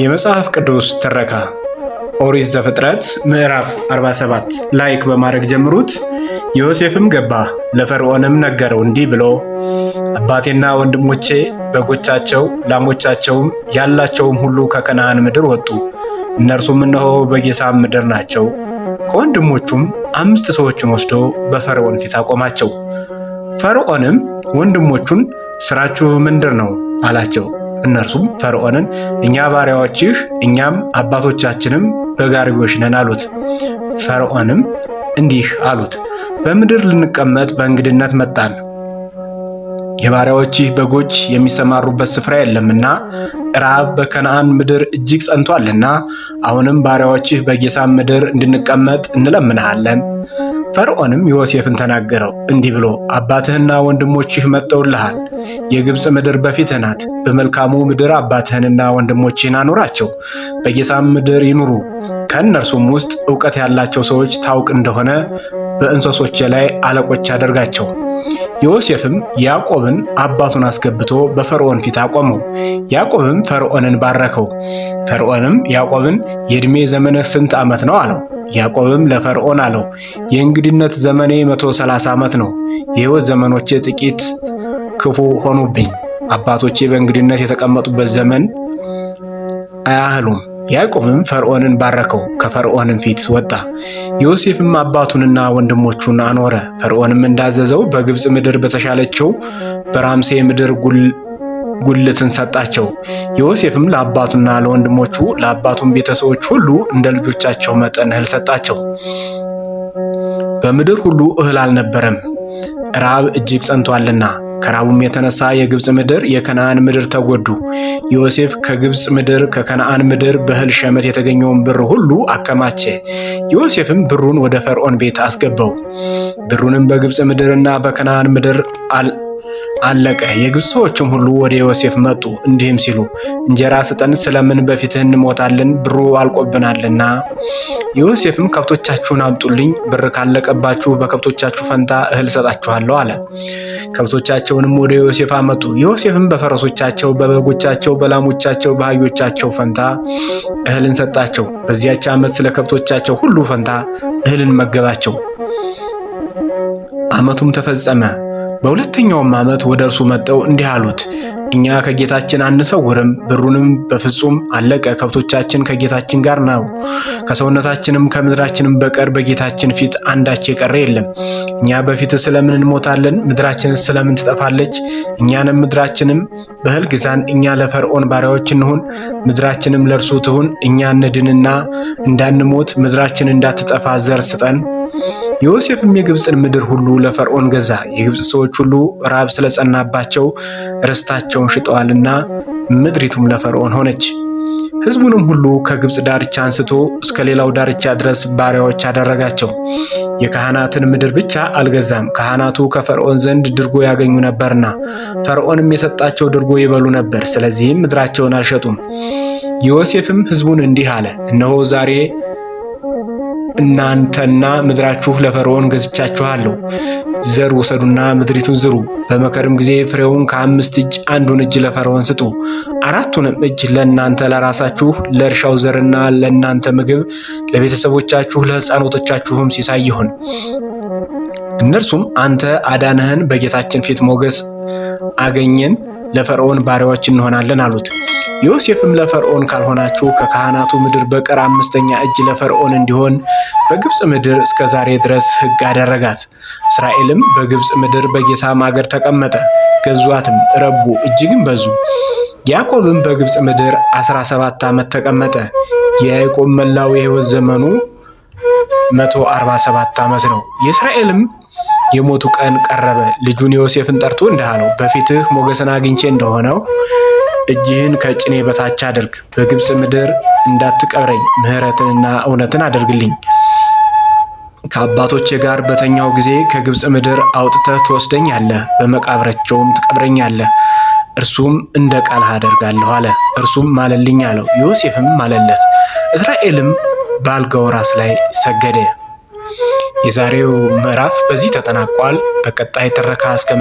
የመጽሐፍ ቅዱስ ትረካ ኦሪት ዘፍጥረት ምዕራፍ 47 ላይክ በማድረግ ጀምሩት። ዮሴፍም ገባ ለፈርዖንም ነገረው እንዲህ ብሎ አባቴና ወንድሞቼ በጎቻቸው፣ ላሞቻቸውም ያላቸውም ሁሉ ከከነዓን ምድር ወጡ። እነርሱም እነሆ በጌሳም ምድር ናቸው። ከወንድሞቹም አምስት ሰዎችን ወስዶ በፈርዖን ፊት አቆማቸው። ፈርዖንም ወንድሞቹን ስራችሁ ምንድር ነው አላቸው። እነርሱም ፈርዖንን እኛ ባሪያዎችህ እኛም አባቶቻችንም በጋሪዎች ነን አሉት። ፈርዖንም እንዲህ አሉት፣ በምድር ልንቀመጥ በእንግድነት መጣን የባሪያዎችህ በጎች የሚሰማሩበት ስፍራ የለምና ራብ በከነአን ምድር እጅግ ጸንቷልና፣ አሁንም ባሪያዎችህ በጌሳን ምድር እንድንቀመጥ እንለምንሃለን። ፈርዖንም ዮሴፍን ተናገረው እንዲህ ብሎ አባትህና ወንድሞችህ መጥተውልሃል። የግብፅ ምድር በፊትህ ናት። በመልካሙ ምድር አባትህንና ወንድሞችህን አኑራቸው፣ በጌሳም ምድር ይኑሩ። ከእነርሱም ውስጥ እውቀት ያላቸው ሰዎች ታውቅ እንደሆነ በእንሰሶቼ ላይ አለቆች አደርጋቸው። ዮሴፍም ያዕቆብን አባቱን አስገብቶ በፈርዖን ፊት አቆመው። ያዕቆብም ፈርዖንን ባረከው። ፈርዖንም ያዕቆብን የዕድሜ ዘመንህ ስንት ዓመት ነው አለው። ያዕቆብም ለፈርዖን አለው የእንግድነት ዘመኔ መቶ ሰላሳ ዓመት ነው። የሕይወት ዘመኖቼ ጥቂት ክፉ ሆኑብኝ። አባቶቼ በእንግድነት የተቀመጡበት ዘመን አያህሉም። ያዕቆብም ፈርዖንን ባረከው፣ ከፈርዖንም ፊት ወጣ። ዮሴፍም አባቱንና ወንድሞቹን አኖረ። ፈርዖንም እንዳዘዘው በግብፅ ምድር በተሻለችው በራምሴ ምድር ጉልትን ሰጣቸው። ዮሴፍም ለአባቱና ለወንድሞቹ ለአባቱን ቤተሰቦች ሁሉ እንደ ልጆቻቸው መጠን እህል ሰጣቸው። በምድር ሁሉ እህል አልነበረም፣ ራብ እጅግ ጸንቷልና። ከራቡም የተነሳ የግብፅ ምድር፣ የከነአን ምድር ተጎዱ። ዮሴፍ ከግብፅ ምድር፣ ከከነአን ምድር በእህል ሸመት የተገኘውን ብር ሁሉ አከማቸ። ዮሴፍም ብሩን ወደ ፈርዖን ቤት አስገባው። ብሩንም በግብፅ ምድርና በከነአን ምድር አለቀ። የግብፅ ሰዎችም ሁሉ ወደ ዮሴፍ መጡ እንዲህም ሲሉ እንጀራ ስጠን፣ ስለምን በፊትህ እንሞታለን? ብሩ አልቆብናልና። ዮሴፍም ከብቶቻችሁን አምጡልኝ፣ ብር ካለቀባችሁ በከብቶቻችሁ ፈንታ እህል ሰጣችኋለሁ አለ። ከብቶቻቸውንም ወደ ዮሴፍ አመጡ። ዮሴፍም በፈረሶቻቸው፣ በበጎቻቸው፣ በላሞቻቸው፣ በአህዮቻቸው ፈንታ እህልን ሰጣቸው። በዚያች ዓመት ስለ ከብቶቻቸው ሁሉ ፈንታ እህልን መገባቸው። ዓመቱም ተፈጸመ። በሁለተኛውም ዓመት ወደ እርሱ መጠው እንዲህ አሉት፣ እኛ ከጌታችን አንሰውርም፣ ብሩንም በፍጹም አለቀ። ከብቶቻችን ከጌታችን ጋር ነው፣ ከሰውነታችንም ከምድራችንም በቀር በጌታችን ፊት አንዳች የቀረ የለም። እኛ በፊት ስለምን እንሞታለን? ምድራችንስ ስለምን ትጠፋለች? እኛንም ምድራችንም በህል ግዛን። እኛ ለፈርዖን ባሪያዎች እንሁን፣ ምድራችንም ለእርሱ ትሁን። እኛ እንድንና እንዳንሞት ምድራችን እንዳትጠፋ ዘር ስጠን። ዮሴፍም የግብፅን ምድር ሁሉ ለፈርዖን ገዛ። የግብፅ ሰዎች ሁሉ ራብ ስለጸናባቸው ርስታቸውን ሽጠዋልና ምድሪቱም ለፈርዖን ሆነች። ሕዝቡንም ሁሉ ከግብፅ ዳርቻ አንስቶ እስከ ሌላው ዳርቻ ድረስ ባሪያዎች አደረጋቸው። የካህናትን ምድር ብቻ አልገዛም፣ ካህናቱ ከፈርዖን ዘንድ ድርጎ ያገኙ ነበርና፣ ፈርዖንም የሰጣቸው ድርጎ ይበሉ ነበር። ስለዚህም ምድራቸውን አልሸጡም። ዮሴፍም ሕዝቡን እንዲህ አለ፣ እነሆ ዛሬ እናንተና ምድራችሁ ለፈርዖን ገዝቻችኋለሁ። ዘር ውሰዱና ምድሪቱን ዝሩ። በመከርም ጊዜ ፍሬውን ከአምስት እጅ አንዱን እጅ ለፈርዖን ስጡ፣ አራቱንም እጅ ለእናንተ ለራሳችሁ ለእርሻው ዘርና ለእናንተ ምግብ፣ ለቤተሰቦቻችሁ ለህፃኖቶቻችሁም ሲሳይ ይሁን። እነርሱም አንተ አዳነህን፣ በጌታችን ፊት ሞገስ አገኘን፣ ለፈርዖን ባሪያዎች እንሆናለን አሉት። ዮሴፍም ለፈርዖን ካልሆናችሁ ከካህናቱ ምድር በቀር አምስተኛ እጅ ለፈርዖን እንዲሆን በግብፅ ምድር እስከ ዛሬ ድረስ ሕግ አደረጋት። እስራኤልም በግብፅ ምድር በጌሳም አገር ተቀመጠ፣ ገዟትም፣ ረቡ፣ እጅግም በዙ። ያዕቆብም በግብፅ ምድር 17 ዓመት ተቀመጠ። የያዕቆብ መላው የሕይወት ዘመኑ 147 ዓመት ነው። የእስራኤልም የሞቱ ቀን ቀረበ። ልጁን ዮሴፍን ጠርቶ እንዲህ አለው፣ በፊትህ ሞገስን አግኝቼ እንደሆነው እጅህን ከጭኔ በታች አድርግ። በግብፅ ምድር እንዳትቀብረኝ ምሕረትንና እውነትን አድርግልኝ። ከአባቶቼ ጋር በተኛው ጊዜ ከግብፅ ምድር አውጥተህ ትወስደኛለህ፣ በመቃብራቸውም አለ። እርሱም እንደ ቃልህ አደርጋለሁ አለ። እርሱም ማለልኝ አለው። ዮሴፍም ማለለት። እስራኤልም በአልጋው ራስ ላይ ሰገደ። የዛሬው ምዕራፍ በዚህ ተጠናቋል። በቀጣይ ትረካ እስከ